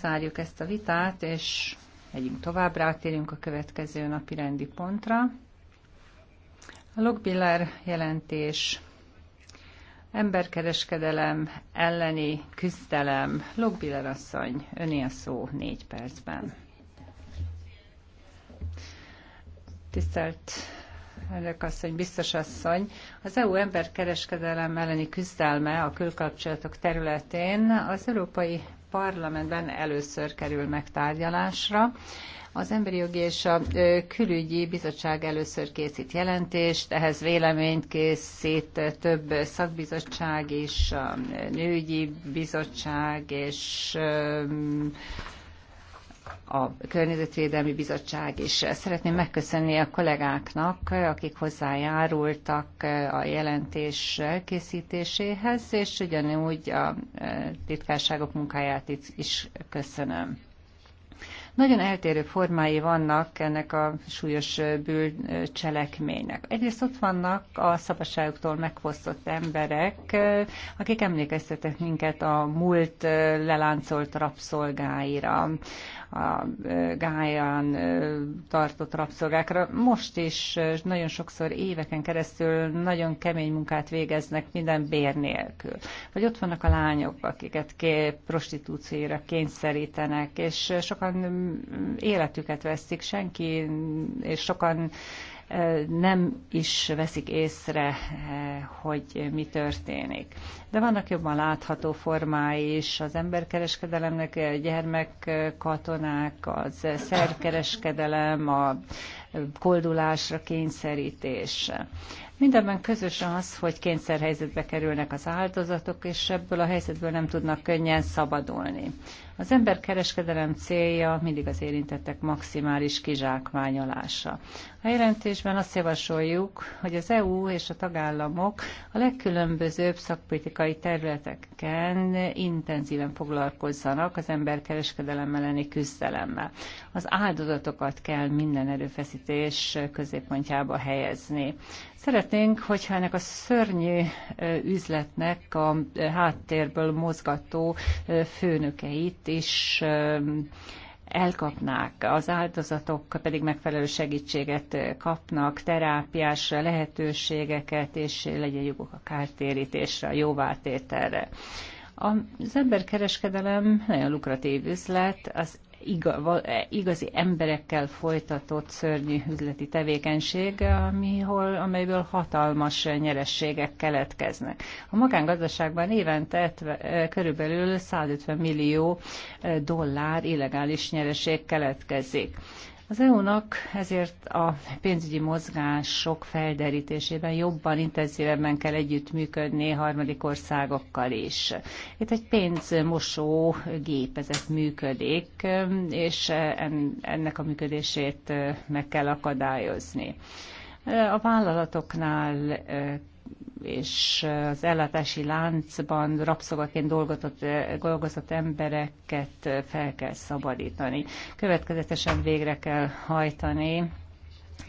zárjuk ezt a vitát, és megyünk tovább, rátérünk a következő napi rendi pontra. A Logbiller jelentés Emberkereskedelem elleni küzdelem. Logbiller asszony, öné a szó négy percben. Tisztelt elnök asszony, biztos asszony, az EU emberkereskedelem elleni küzdelme a külkapcsolatok területén az Európai parlamentben először kerül megtárgyalásra. Az Emberi Jogi és a Külügyi Bizottság először készít jelentést, ehhez véleményt készít több szakbizottság is, a Nőgyi Bizottság és a Környezetvédelmi Bizottság is. Szeretném megköszönni a kollégáknak, akik hozzájárultak a jelentés elkészítéséhez, és ugyanúgy a eh, titkárságok munkáját is köszönöm. Nagyon eltérő formái vannak ennek a súlyos bűncselekménynek. Egyrészt ott vannak a szabadságuktól megfosztott emberek, akik emlékeztetek minket a múlt leláncolt rabszolgáira, a Gáján tartott rabszolgákra. Most is nagyon sokszor éveken keresztül nagyon kemény munkát végeznek minden bér nélkül. Vagy ott vannak a lányok, akiket prostitúcióra kényszerítenek, és sokan életüket veszik, senki, és sokan nem is veszik észre, hogy mi történik. De vannak jobban látható formái is az emberkereskedelemnek, gyermekkatonák, az szervkereskedelem, a koldulásra kényszerítés. Mindenben közös az, hogy kényszerhelyzetbe kerülnek az áldozatok, és ebből a helyzetből nem tudnak könnyen szabadulni. Az emberkereskedelem célja mindig az érintettek maximális kizsákmányolása. A jelentésben azt javasoljuk, hogy az EU és a tagállamok a legkülönbözőbb szakpolitikai területeken intenzíven foglalkozzanak az emberkereskedelem elleni küzdelemmel. Az áldozatokat kell minden erőfeszítés középpontjába helyezni. Szeretnénk, hogyha ennek a szörnyű üzletnek a háttérből mozgató főnökeit is elkapnák, az áldozatok pedig megfelelő segítséget kapnak, terápiás lehetőségeket, és legyen joguk a kártérítésre, a jóvátételre. Az emberkereskedelem nagyon lukratív üzlet, az E, igazi emberekkel folytatott szörnyű üzleti tevékenység, amihol, amelyből hatalmas nyerességek keletkeznek. A magángazdaságban évente e, körülbelül 150 millió e, dollár illegális nyereség keletkezik. Az EU-nak ezért a pénzügyi mozgások felderítésében jobban, intenzívebben kell együttműködni harmadik országokkal is. Itt egy pénzmosó gépezet működik, és ennek a működését meg kell akadályozni. A vállalatoknál és az ellátási láncban rabszolgaként dolgozott, dolgozott embereket fel kell szabadítani. Következetesen végre kell hajtani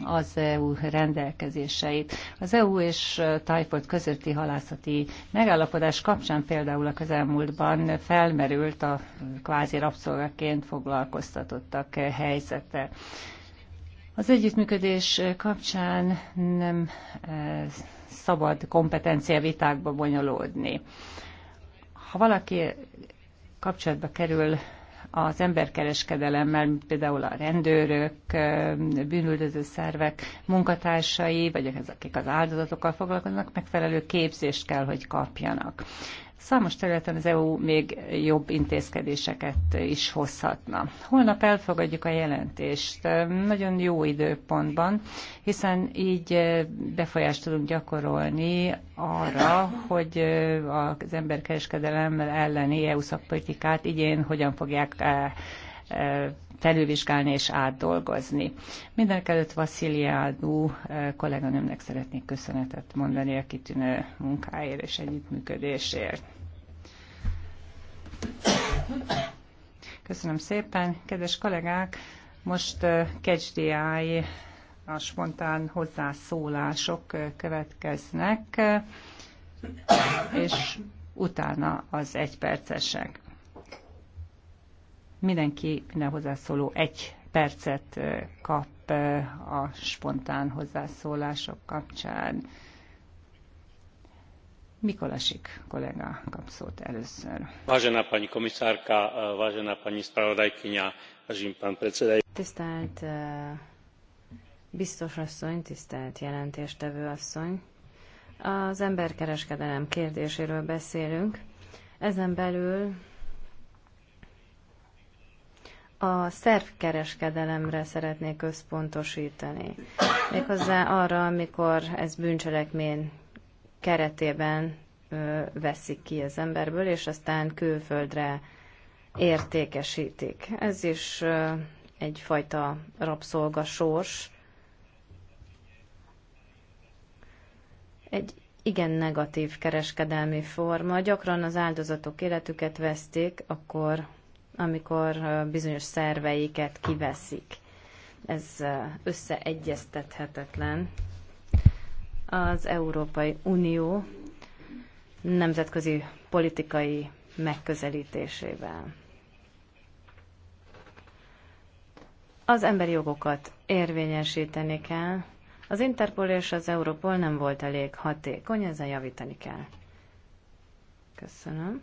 az EU rendelkezéseit. Az EU és Tajföld közötti halászati megállapodás kapcsán például a közelmúltban felmerült a kvázi rabszolgaként foglalkoztatottak helyzete. Az együttműködés kapcsán nem eh, szabad kompetencia vitákba bonyolódni. Ha valaki kapcsolatba kerül az emberkereskedelemmel, például a rendőrök, eh, bűnüldöző szervek munkatársai, vagy azok, akik az áldozatokkal foglalkoznak, megfelelő képzést kell, hogy kapjanak. Számos területen az EU még jobb intézkedéseket is hozhatna. Holnap elfogadjuk a jelentést nagyon jó időpontban, hiszen így eh, befolyást tudunk gyakorolni arra, hogy eh, az emberkereskedelem elleni EU szakpolitikát igén hogyan fogják eh, felülvizsgálni és átdolgozni. Mindenkelőtt Vasziliádú kolléganőmnek szeretnék köszönetet mondani a kitűnő munkáért és együttműködésért. Köszönöm szépen, kedves kollégák! Most KDI a spontán hozzászólások következnek, és utána az egypercesek. Mindenki, minden hozzászóló egy percet kap a spontán hozzászólások kapcsán. Mikolasik kollega kap szót először. Vážená pani komisárka, vážená pani spravodajkynia, vážený pán predsedaj. Tisztelt biztos asszony, tisztelt jelentéstevő asszony. Az emberkereskedelem kérdéséről beszélünk. Ezen belül a szervkereskedelemre szeretnék összpontosítani. Méghozzá arra, amikor ez bűncselekmény keretében veszik ki az emberből, és aztán külföldre értékesítik. Ez is egyfajta rabszolgasors. Egy igen negatív kereskedelmi forma. Gyakran az áldozatok életüket veszték, akkor amikor bizonyos szerveiket kiveszik. Ez összeegyeztethetetlen. Az Európai Unió nemzetközi politikai megközelítésével. Az emberi jogokat érvényesíteni kell. Az Interpol és az Europol nem volt elég hatékony, ezen javítani kell. Köszönöm.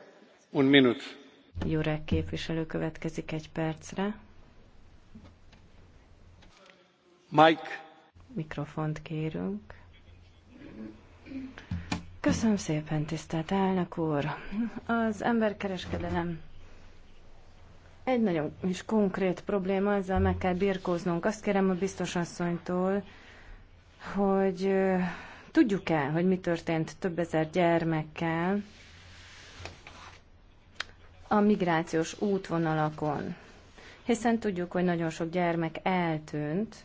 Un minut. Jurek képviselő következik egy percre. Mike. Mikrofont kérünk. Köszönöm szépen, tisztelt elnök úr. Az emberkereskedelem egy nagyon is konkrét probléma, ezzel meg kell birkóznunk. Azt kérem a biztos hogy tudjuk-e, hogy mi történt több ezer gyermekkel, a migrációs útvonalakon. Hiszen tudjuk, hogy nagyon sok gyermek eltűnt.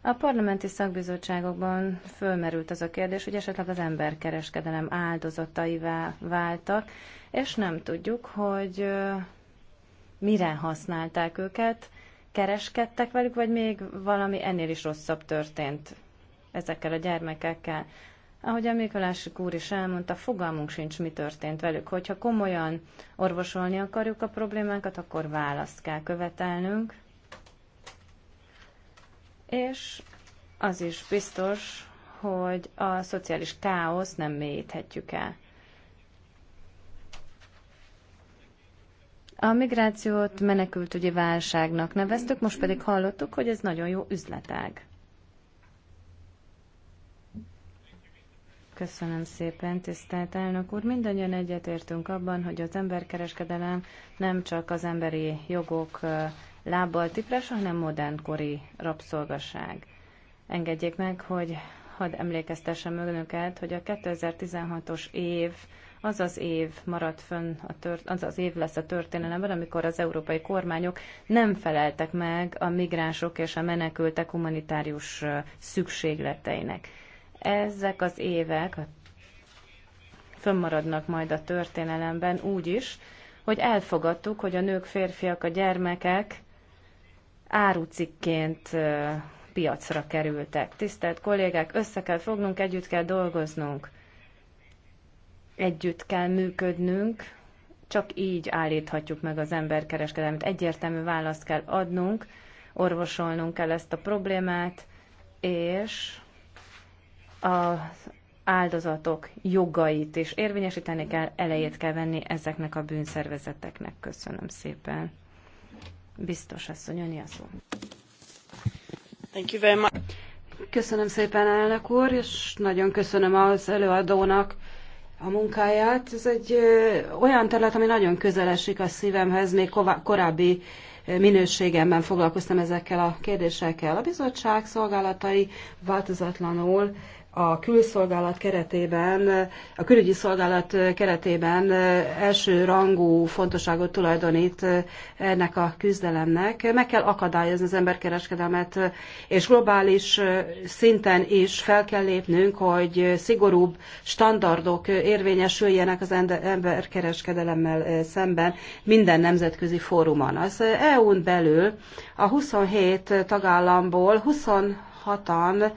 A parlamenti szakbizottságokban fölmerült az a kérdés, hogy esetleg az emberkereskedelem áldozataivá váltak, és nem tudjuk, hogy mire használták őket, kereskedtek velük, vagy még valami ennél is rosszabb történt ezekkel a gyermekekkel. Ahogy a Mikolásik úr is elmondta, fogalmunk sincs, mi történt velük. Hogyha komolyan orvosolni akarjuk a problémákat, akkor választ kell követelnünk. És az is biztos, hogy a szociális káosz nem mélyíthetjük el. A migrációt menekültügyi válságnak neveztük, most pedig hallottuk, hogy ez nagyon jó üzletág. Köszönöm szépen, tisztelt elnök úr. Mindannyian egyetértünk abban, hogy az emberkereskedelem nem csak az emberi jogok lábbal tiprása, hanem modernkori rabszolgaság. Engedjék meg, hogy hadd emlékeztessem önöket, hogy a 2016-os év az az év maradt fönn, a tört, az az év lesz a történelemben, amikor az európai kormányok nem feleltek meg a migránsok és a menekültek humanitárius szükségleteinek. Ezek az évek fönnmaradnak majd a történelemben úgy is, hogy elfogadtuk, hogy a nők, férfiak, a gyermekek árucikként piacra kerültek. Tisztelt kollégák, össze kell fognunk, együtt kell dolgoznunk, együtt kell működnünk, csak így állíthatjuk meg az emberkereskedelmet. Egyértelmű választ kell adnunk, orvosolnunk kell ezt a problémát, és az áldozatok jogait is érvényesíteni kell, elejét kell venni ezeknek a bűnszervezeteknek. Köszönöm szépen. Biztos asszony, annyi a szó. Thank you very much. Köszönöm szépen, elnök úr, és nagyon köszönöm az előadónak a munkáját. Ez egy olyan terület, ami nagyon közel esik a szívemhez, még korábbi minőségemben foglalkoztam ezekkel a kérdésekkel. A bizottság szolgálatai változatlanul a külszolgálat keretében, a külügyi szolgálat keretében első rangú fontosságot tulajdonít ennek a küzdelemnek. Meg kell akadályozni az emberkereskedelmet, és globális szinten is fel kell lépnünk, hogy szigorúbb standardok érvényesüljenek az emberkereskedelemmel szemben minden nemzetközi fórumon. Az EU-n belül a 27 tagállamból 26-an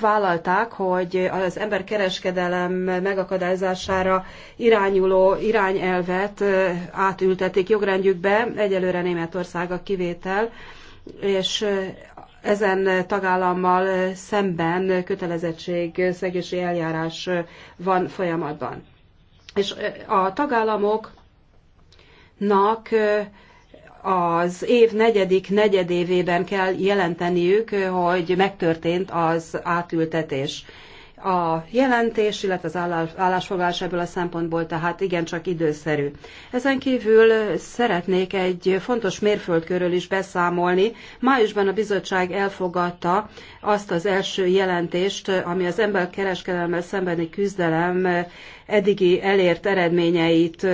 vállalták, hogy az emberkereskedelem megakadályozására irányuló irányelvet átültették jogrendjükbe, egyelőre Németország a kivétel, és ezen tagállammal szemben kötelezettség szegési eljárás van folyamatban. És a tagállamoknak az év negyedik negyedévében kell jelenteniük, hogy megtörtént az átültetés. A jelentés, illetve az állásfoglalás ebből a szempontból tehát igencsak időszerű. Ezen kívül szeretnék egy fontos mérföldkörről is beszámolni. Májusban a bizottság elfogadta azt az első jelentést, ami az emberkereskedelemmel szembeni küzdelem eddigi elért eredményeit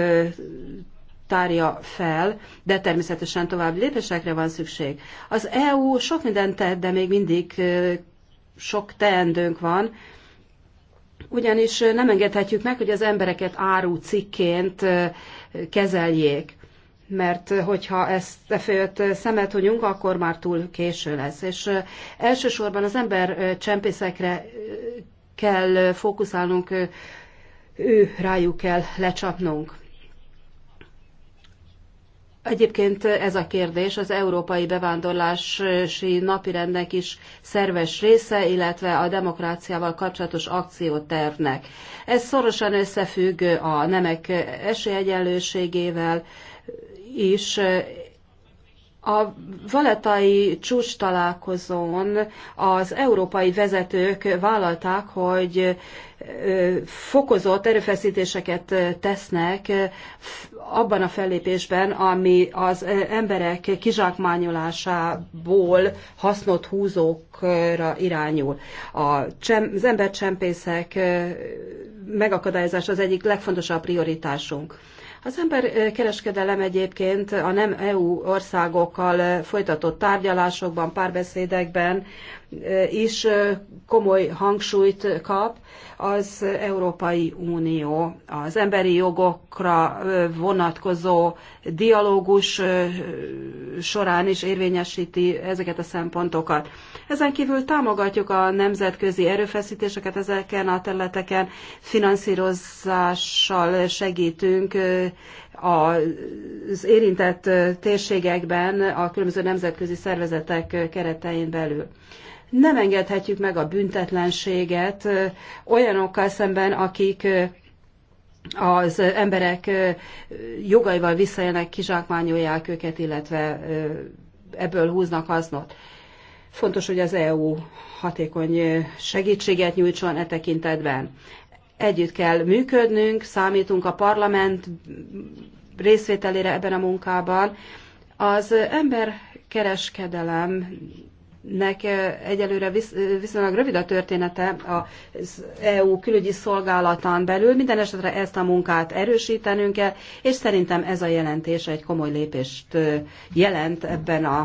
tárja fel, de természetesen további lépésekre van szükség. Az EU sok mindent tett, de még mindig sok teendőnk van, ugyanis nem engedhetjük meg, hogy az embereket áru cikként kezeljék. Mert hogyha ezt e főt szemet hunyunk, akkor már túl késő lesz. És elsősorban az ember csempészekre kell fókuszálnunk, ő rájuk kell lecsapnunk. Egyébként ez a kérdés az európai bevándorlási napirendnek is szerves része, illetve a demokráciával kapcsolatos akciótervnek. Ez szorosan összefügg a nemek esélyegyenlőségével is, a valetai csúcs találkozón az európai vezetők vállalták, hogy fokozott erőfeszítéseket tesznek abban a fellépésben, ami az emberek kizsákmányolásából hasznot húzókra irányul. Az embercsempészek megakadályozása az egyik legfontosabb prioritásunk. Az ember kereskedelem egyébként a nem EU országokkal folytatott tárgyalásokban, párbeszédekben is komoly hangsúlyt kap. Az Európai Unió az emberi jogokra vonatkozó dialógus során is érvényesíti ezeket a szempontokat. Ezen kívül támogatjuk a nemzetközi erőfeszítéseket ezeken a területeken, finanszírozással segítünk az érintett térségekben a különböző nemzetközi szervezetek keretein belül. Nem engedhetjük meg a büntetlenséget olyanokkal szemben, akik az emberek jogaival visszaélnek, kizsákmányolják őket, illetve ebből húznak hasznot. Fontos, hogy az EU hatékony segítséget nyújtson e tekintetben. Együtt kell működnünk, számítunk a parlament részvételére ebben a munkában. Az emberkereskedelemnek eh, egyelőre eh, viszonylag rövid a története az EU külügyi szolgálatán belül, minden esetre ezt a munkát erősítenünk kell, és szerintem ez a jelentés egy komoly lépést eh, jelent ebben a